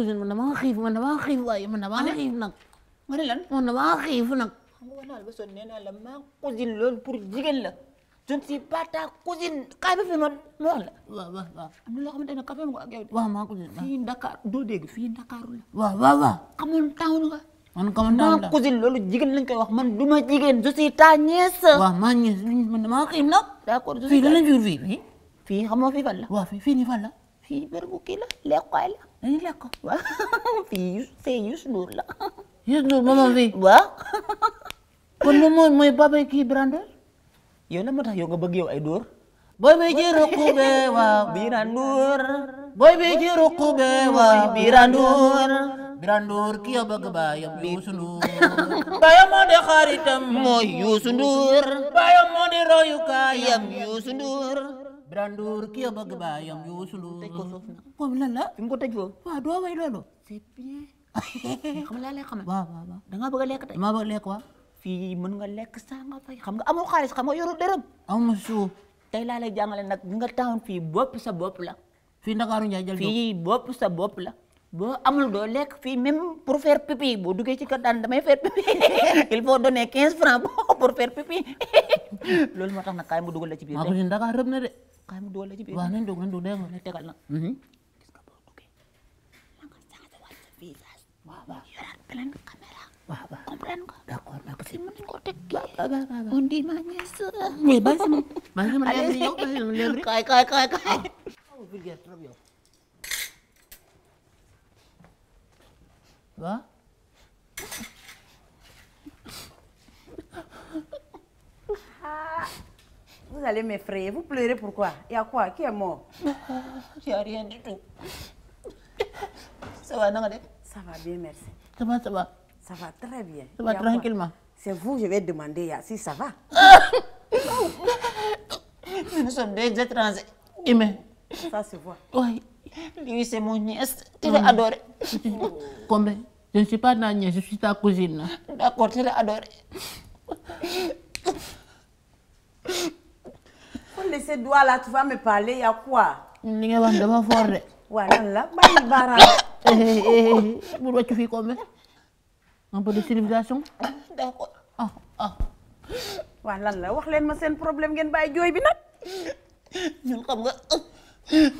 cousine man damaa xiif man damaa xiif waaye man damaa xiif nag. ma ne lan man damaa xiif nag. xam nga walaal ba sonn nee naa la maa cousine loolu pour jigéen la. je ne suis pas ta cousine. kaay ba fi ma ma wax la. waaw waaw waaw. am na loo xamante ne café mu ak yow. waaw maa cousine fii Dakar doo dégg fii Dakar la. waaw waaw waaw. xamoon taawul nga. man kama maa cousine loolu jigéen lañ koy wax man du ma jigéen je suis ta nièce. waaw maa nièce man damaa xiif nag. d'accord fii dana jur fii. fii xamoo fii fan la. waaw fii fii nii fan la. fii bërëbu kii la lekkaay la. dañuy lekk waaw fii Youssou fii Youssou Ndour la. Youssou Ndour moomam fii. waaw. kon moom mooy mooy babay kii Brando. la moo tax yow nga bëgg ay door boy bi ji ruqube waaw Bira Ndour. boy bi ji ruqube waaw Bira Ndour. Bira Ndour ki yow bëgg moo di xaritam mooy Youssou Ndour. Brandour ki a bëgg baayam Youssou Ndour. tëj ko foofu nag moom lan la. fi mu ko tëj foofu. da ngaa bëgg a lekk lek maa bëgg a lekk waaw. fii mën nga lekk saa nga fay xam nga amoo xaalis xam nga yoru dërëm. amu suuf. tey laa lay jàngale nag nga taxoon fii bopp sa bopp la. fi Ndakaaru Ndiaye jël fii bopp sa bopp la. boo amul doo lekk fii même pour faire pipi boo duggee ci kër daan damay faire pipi il faut donner quinze francs pour faire pipi loolu moo tax nag kaay mu la ci biir. maa ko de. kaay mu doole ci biir. waaw nañ doog nañ doog dégg nga tegal na. Mhm. gis nga boo duggee ma nga changewaat sa visage. waaw waaw yoraat pleine caméra. waaw waaw comprendre nga. d'accord d'accord si mën nañ koo teg kii. waaw waaw waaw on dit ma ñees. mais bàyyi sama bàyyi sama léegi yow bàyyi sama léegi. kaay kaay kaay kaay. waaw. Vous allez m'effrayer. Vous pleurez pourquoi Il y a quoi Qui est mort Il n'y a rien du tout. Ça va, non Ça va bien, merci. Ça va, ça va. Ça va très bien. Ça va tranquillement. C'est vous, je vais demander si ça va. Nous sommes deux étrangers. Aimé. Ça se voit. Oui. Lui, c'est mon nièce. Tu mm. l'as adoré. Combien Je ne suis pas ta nièce, je suis ta cousine. D'accord, tu l'as adoré. même de ces doigts me parler y a quoi. li nga wax dama fort de. waa lan la bàyyi baaraam. bu wàcc fii comme un peu de civilisation. d'accord ah ah. waa la wax leen ma seen problème ngeen bàyyi jooy bi nag. ñun xam nga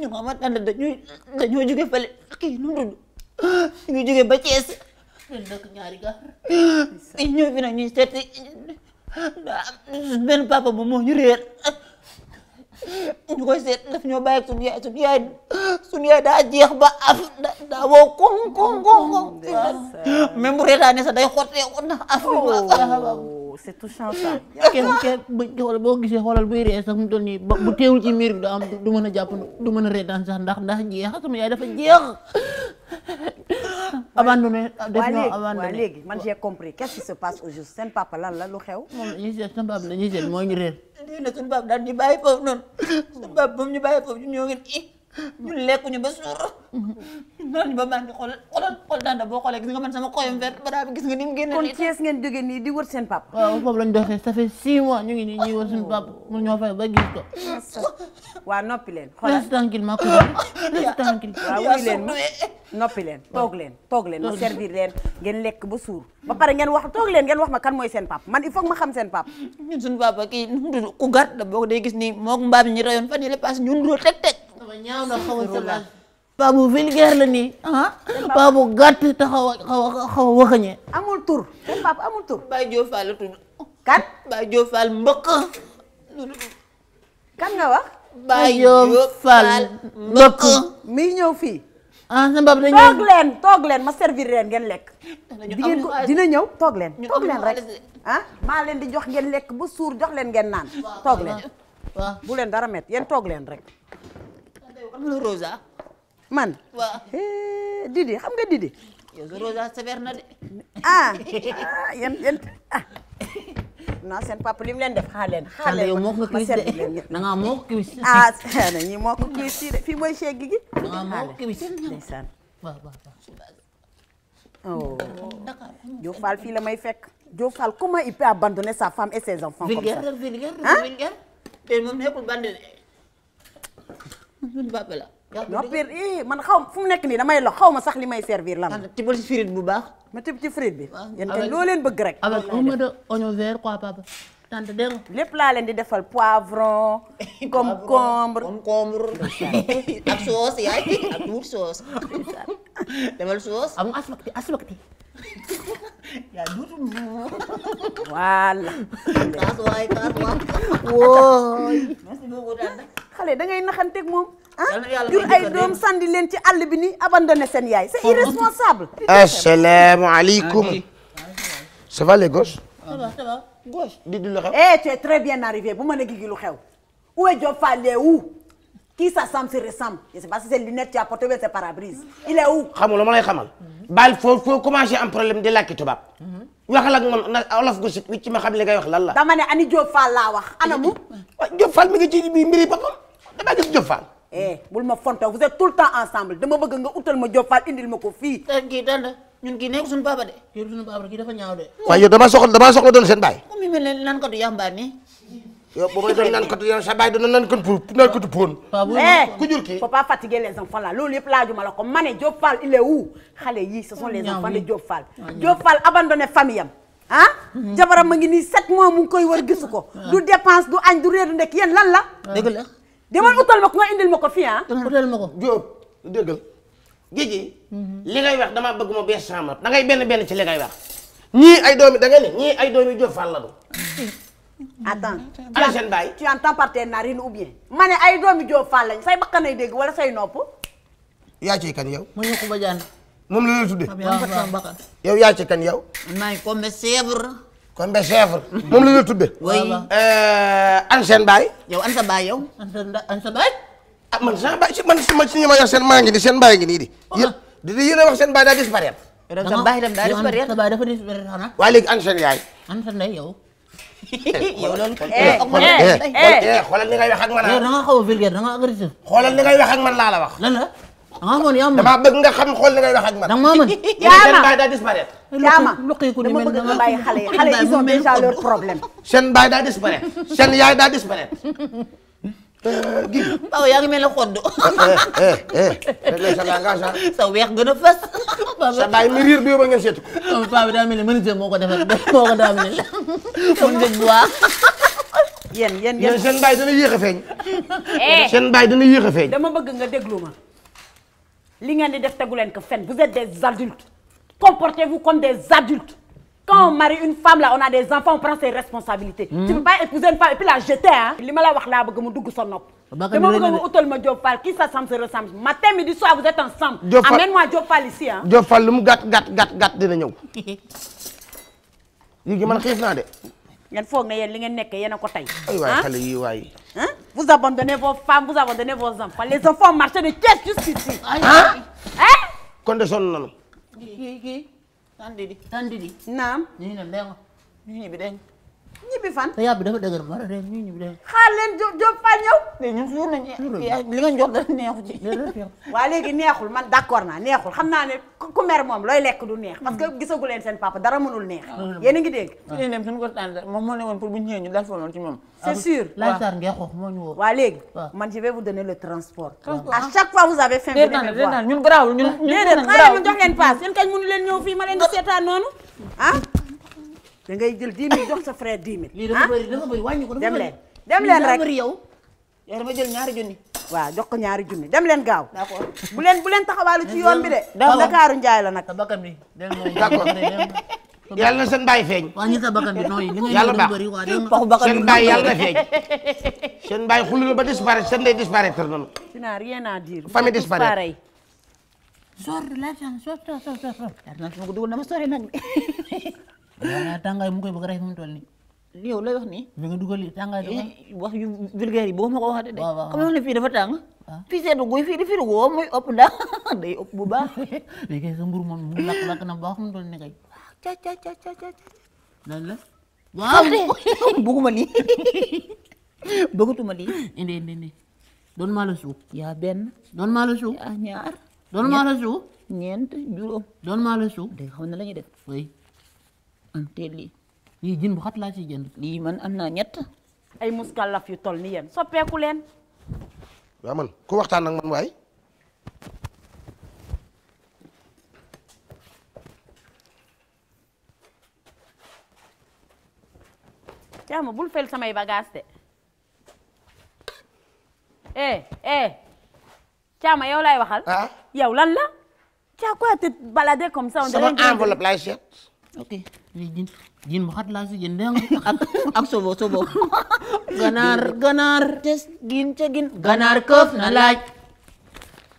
ñun xam nga tànn dañuy dañoo jóge fële kii nu mu dund ñu jóge ba Thiès. ñu dëkk ñaari gaar. ñëw fi papa bu moo ñu réer. ñu koy seet daf ñoo bàyyi ak suñu yaay suñu yaay suñu yaay daa jeex ba af daa woo koŋ koŋ koŋ koŋ même bu reetaane sax day xotteeku ndax af bi ma oh, c'est touchant ça. boo gisee xoolal buy ree sax mu doon nii bu teewul ci miir bi du am du mën a jàpp du mën a reetaan sax ndax ndax jeex sama yaay dafa jeex. abandonné def ñoo abandonné waaw léegi man j'ai compris qu'est-ce qui se passe aujourd'hui seen papa lan la lu xew. moom ñi seet seen papa la ñuy seet moo ñu réer. lii nag suñu papa daal ñu bàyyi foofu noonu suñu papa moom ñu bàyyi foofu ñoo ngi ñun lekkuñu ba suur. naan ba maa ngi xool xoolal xool daan boo xoolee gis nga man sama xoyam vert ba bi gis nga ni mu génne. kon Thiès ngeen jógee nii di wër seen papa. waaw foofu lañ doxee ça fait six mois ñu ngi nii ñuy wër suñu papa mu ñoo fay ba gis ko. waa noppi leen. xoolal reste tranquille maa ko reste tranquille. waaw wuyu leen noppi leen toog leen toog leen ma servir leen ngeen lekk ba suur. ba pare ngeen wax toog leen ngeen wax ma kan mooy seen papa man il faut ma xam seen papa. ñun suñu papa kii ku gàtt la boo ko day gis ni moom mbaam ñi rayoon fan yële paase ñun doo teg teg paa bu vulgaire la nii. paa ah. bu gàtt te xaw a xaw xaw a waxañee. amul tur seen papa amul ñëw fii. ah sa bab la toog leen toog leen ma servir leen ngeen lekk. di ngeen dina ñëw toog leen. toog leen rek ah maa leen di jox ngeen lekk ba suur jox leen ngeen naan. toog leen bu leen dara met yéen toog leen rek. Rosa. man waaw. Eh, Didi xam nga Didi. yow sa Rosa sévère na de. ah, ah yan yan ah. non seen papa li mu leen def xaar leen. xaar leen yow de na nga moo ko na ah, ñii moo ko kiwis de fii mooy Cheikh Guigui. na nga moo ko kiwis ndeysaan. waaw waaw waaw. Oh. Diop Fall fii la may fekk. Diop Fall comment il peut abandonner sa femme et ses enfants comme ça. vulgaire vulgaire vulgaire. te moom nekkul de. ñun Mbappé la. noppir ii eh, man xaw fu nekk nii damay lo xaw ma sax li may servir lan la. tibbal ci frite bu baax. ma tibb ci bi. waaw ah, yéen kay loo leen bëgg rek. avec un peu d'oignon vert papa. tante dégg nga. lépp laa leen di defal poivron. concombre concombre. ak sauce yaay ak tuuti sauce. demal sauce. Ah, mu. voilà. kaas waay kaas waay. wooy. xale da ngay naxanteeg moom. ah jur ay doom sànni leen ci àll bi ni abandonné seen yaay c'est irresponsable. asalaamaaleykum. ça va va ça di di lu xew. eh tu très bien arrivé bu ma ne gigi lu xew. où est Diop Fall il est où. qui s'assemble se je sais pas c'est lunette tu as porté wala c'est pare il est où. xam nga lu ma lay xamal. baal foo foo commencé am problème di làkki tubaab. Mhm. waxal ak man na olof gu si ci ma xam li ngay wax lan la. dama ani Diop Fall laa wax anamu. damaa gis Diop Fall. eh bul ma fonto vous êtes tout le temps ensemble dama bëgg nga utal ma Diop Fall indil ma ko fii. Eh, kii danda ñun kii nekk suñu baaba de. yow suñu baaba kii dafa ñaaw de. waaye yow damaa sa poon. Eh, ku jur kii faut pas fatiguer les enfants là loolu yëpp laajuma la ko ma ne Diop Fall il est où xale les enfants de Diop Fall. Diop Fall abandonné famille am ah jabaram ma ngi nii mois mu ngi koy war gisu ko du dépense du añ du du ndekk yéen lan la demal utal ma ko nga indil ma ko fii ah. utal ma ko Diop déggal. Guédié. li damaa bëgg ma be sama da ngay benn benn ci li ngay ay doomi da nga ay doomi Diop Fall la du. attends ana seen baay. tu entends par tes narines ou bien. ma ay doomi Diop Fall lañ say bakkanay dégg wala say nopp. yaa ci kan yow. mu ñu ko ba jaan. moom la ñuy tuddee. yow yaa kan yow. maa ngi ko mais kon be chèvre moom la ñu tudde euh, an seen baay yow an sa baay yow an sa baay ah man sa baay man su ma si ñu ma maa di seen baay ngi nii di oh. yéen di yéen a wax seen baay daa disparaître sa baay dem daa disparaître sa baay dafa disparaître xanaa waaye léegi an seen yaay an seen ndey yow yow loolu eh, eh, eh, xoolal ni ngay wax ak man xoolal ni ngay ak man laa la wax lan la Ah, dama mën yaa mën damaa bëgg nga xam xool li ngay wax ak man. dama mën yaa ma seen baay daa disparaître. yaa ma dama bëgg nga bàyyi xale yi xale yi ils ont déjà leur problème. seen baay daa disparaître seen yaay daa disparaître. gi. waaw yaa ngi mel ne xoddu. sa weex gën a fës. sa baay mi riir bi yóbbu ngeen seetu ko. paa bi daa mel ni menuisier moo ko defar moo ko daa mel ni yéen yéen yéen seen baay dana yéex a feeñ. Eh. seen baay dana yéex a feeñ. dama bëgg nga déglu ma. li ngeen di def tegu leen ko fen vous êtes des adultes comportez-vous comme des adultes quand on marie une femme là on a des enfants on prend ses responsabilités hmm. tu peux pas une femme et la jeter ah li ma la wax laa bëgg mu dugg sa nopp dama bëgg mu utal ma Diop Fall qui s'assemble se ressemble matin midi soir vous êtes ensemble amène-moi Diop Fall ici ah Diop Fall lu mu gàtt gàtt gàtt gàtt dina ñëw yi gi man de ngeen foog ne yéen li ngeen nekkee yéen a ko tey. ay waay ah? xale yi waay. vous abandonnez vos femmes vous abandonnez vos enfants les enfants ont marché de Thiès jusqu'ici. ah. kon de sonn nañu. kii kii. tànn di di. tànn di di. naam. ñu ngi ne ndéng. ñu ngi ne bi dégg. ñibbi fan. te yàlla bi dafa dëgër mara de ñu ñibbi de. xaar leen jo Diop Fall ñëw. mais ñun suur nañu. li nga jox dara neexu ci. waaw léegi neexul man d'accord naa neexul xam naa ne ku mer moom looy lekk du neex. parce que mm. gu leen seen papa dara mënul neex. yéen a ngi dégg. Ah. su moom moo ne woon pour bu ñëwee ñu dal fa woon ci moom. c'est ah, sûr waaw laaj saar ngeen xoox woo. waaw léegi man je vais vous donner le transport. a ah. chaque fois vous avez faim. déedéet leen paas fii ma leen da ngay jël 10 000 jox sa frère 10 000. lii dafa ah? bëri dafa bëri wàññi ko dafa bëri. yow. yow dafa jël ñaari junni. waaw jox ko ñaari junni dem leen gaaw. d'accord bu leen bu leen taxawaalu ci yoon bi de. d'accord Ndakaaru Njaay la nag. bakkan bi d'accord yàlla na seen baay feeñ. waa ñu sa bakkan bi nooyi li nga ñu bëri waa dem. waxu bakkan bi seen baay yàlla na feeñ. seen baay xullu ba disparaître seen day disparaître noonu. tu n'as rien à dire. famille disparaître. sori l'argent sori sori waaw tàngaay mu ngi a rey fi mu toll nii. yow lay wax nii. bi nga dugal tàngaay bi eh, wax yu vulgaire yi boo ma ko waxatee de. waaw waaw xam nga fii dafa tàng. Ah. fii seetu guy fii fii du woo muy ëpp ndax bu baax. léegi kay sa mburu moom mu lakk na baax fi mu toll nii kay. Ah, ca ca ca ca ca ca. lan la. waaw bëgguma lii bëggatuma lii. indi indi indi. doon maa la suuf. yaa benn. doon maa la suuf. yaa ñaar. doon maa la doon maa la suuf. dégg nga na la ñuy def. am te lii lii jën bu xat laa ciy jënd lii man am naa ñett ay muskalaf yu toll ni yéen soppeeku leen waaw man ku waxtaan ak man waay caama bul fel samay bagage de eh eh caama yow lay waxal ah? yow lan la caa quoi te balader comme ça on dirait sama enveloppe laay seet ok jin jin waxat laa si jin ak ak sobo ganaar ganaar tes gin ca gin ganaar këf na laaj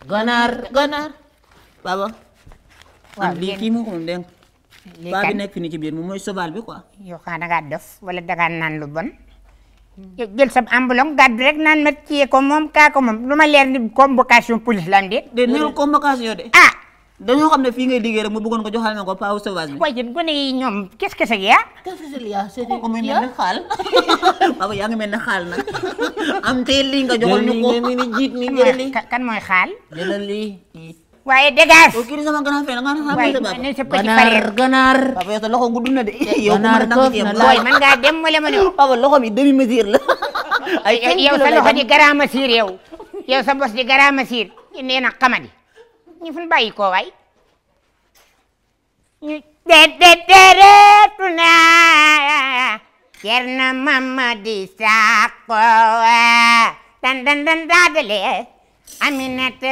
ganaar ganaar baba waaw lii kii moo ko moom deng baa bi nekk ni ci biir moom mooy sobal bi quoi yow xanaa dangaa def wala dangaa naan lu bon jël sam ambulance gàddu rek naan ma ciyee ko moom kaa ko moom lu ma leer ni convocation police lam de de nul convocation de ah dañoo xam ne fii ngay liggéey rek mu bëggoon ko joxal na ko paaw sauvage bi. waaye yéen gone yi ñoom gi ah. kes kese gi ah ko mel ne xaal. papa yaa ngi mel ne xaal nag. am te lii nga joxal ñu ko ni jiit ni jëli kan mooy xaal. jëlal lii. waaye dégage. kii di na gànnaar. gànnaar papa yow sa loxo gudd na de. yow ku mën a la man ngaa dem wala ma ne. papa loxo mi demi mesure la. ay yow sa loxo di garaama siir yow yow sa bos di ñu fu ñu bàyyi ko waay na déedéetu naa Cerno Mamadi Sakko dan dan dan daadale Aminata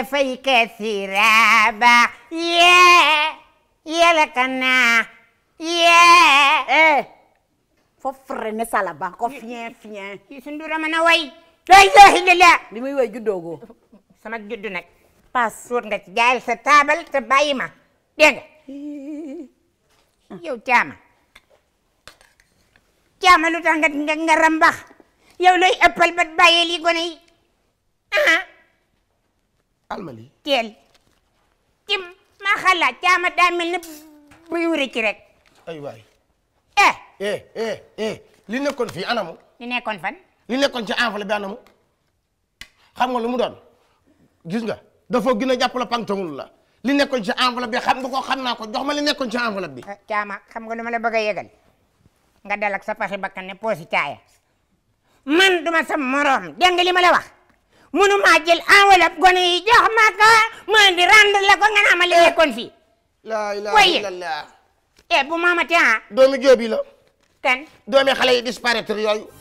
yee yee kana yee fo frene salaba ko fien fien Youssou Ndour a mën way la ilaha illallah bi paas. suut nga ci jaayal sa taabal te bàyyi ma dégg nga yow caama caama lu tax nga nga rambax yow looy ëppal ba bàyyi lii gone yi ah. almali teel tim maa xalaat caama daa mel buy wuri ci rek. ay waay. eh. eh eh eh li nekkoon fii anamu. li nekkoon fan. li nekkoon ci enveloppe bi anamu xam nga lu mu gis nga. dafa gën a jàpp la pantawul la li nekkoon ci enveloppe bi xam nga ko xam naa ko jox ma li nekkoon ci enveloppe bi. caama eh, xam nga lu ma la bëgg a nga dal ak sa paxi bakkan ne poosi caaya man duma sa moroom dégg nga li ma la wax munu maa jël enveloppe gone yi jox ma ko ma di la ko nga naa ma li nekkoon fii. la ilaha illallah eh bu ma amatee ah. doomi géebi la. kan doomi xale yi disparaître yooyu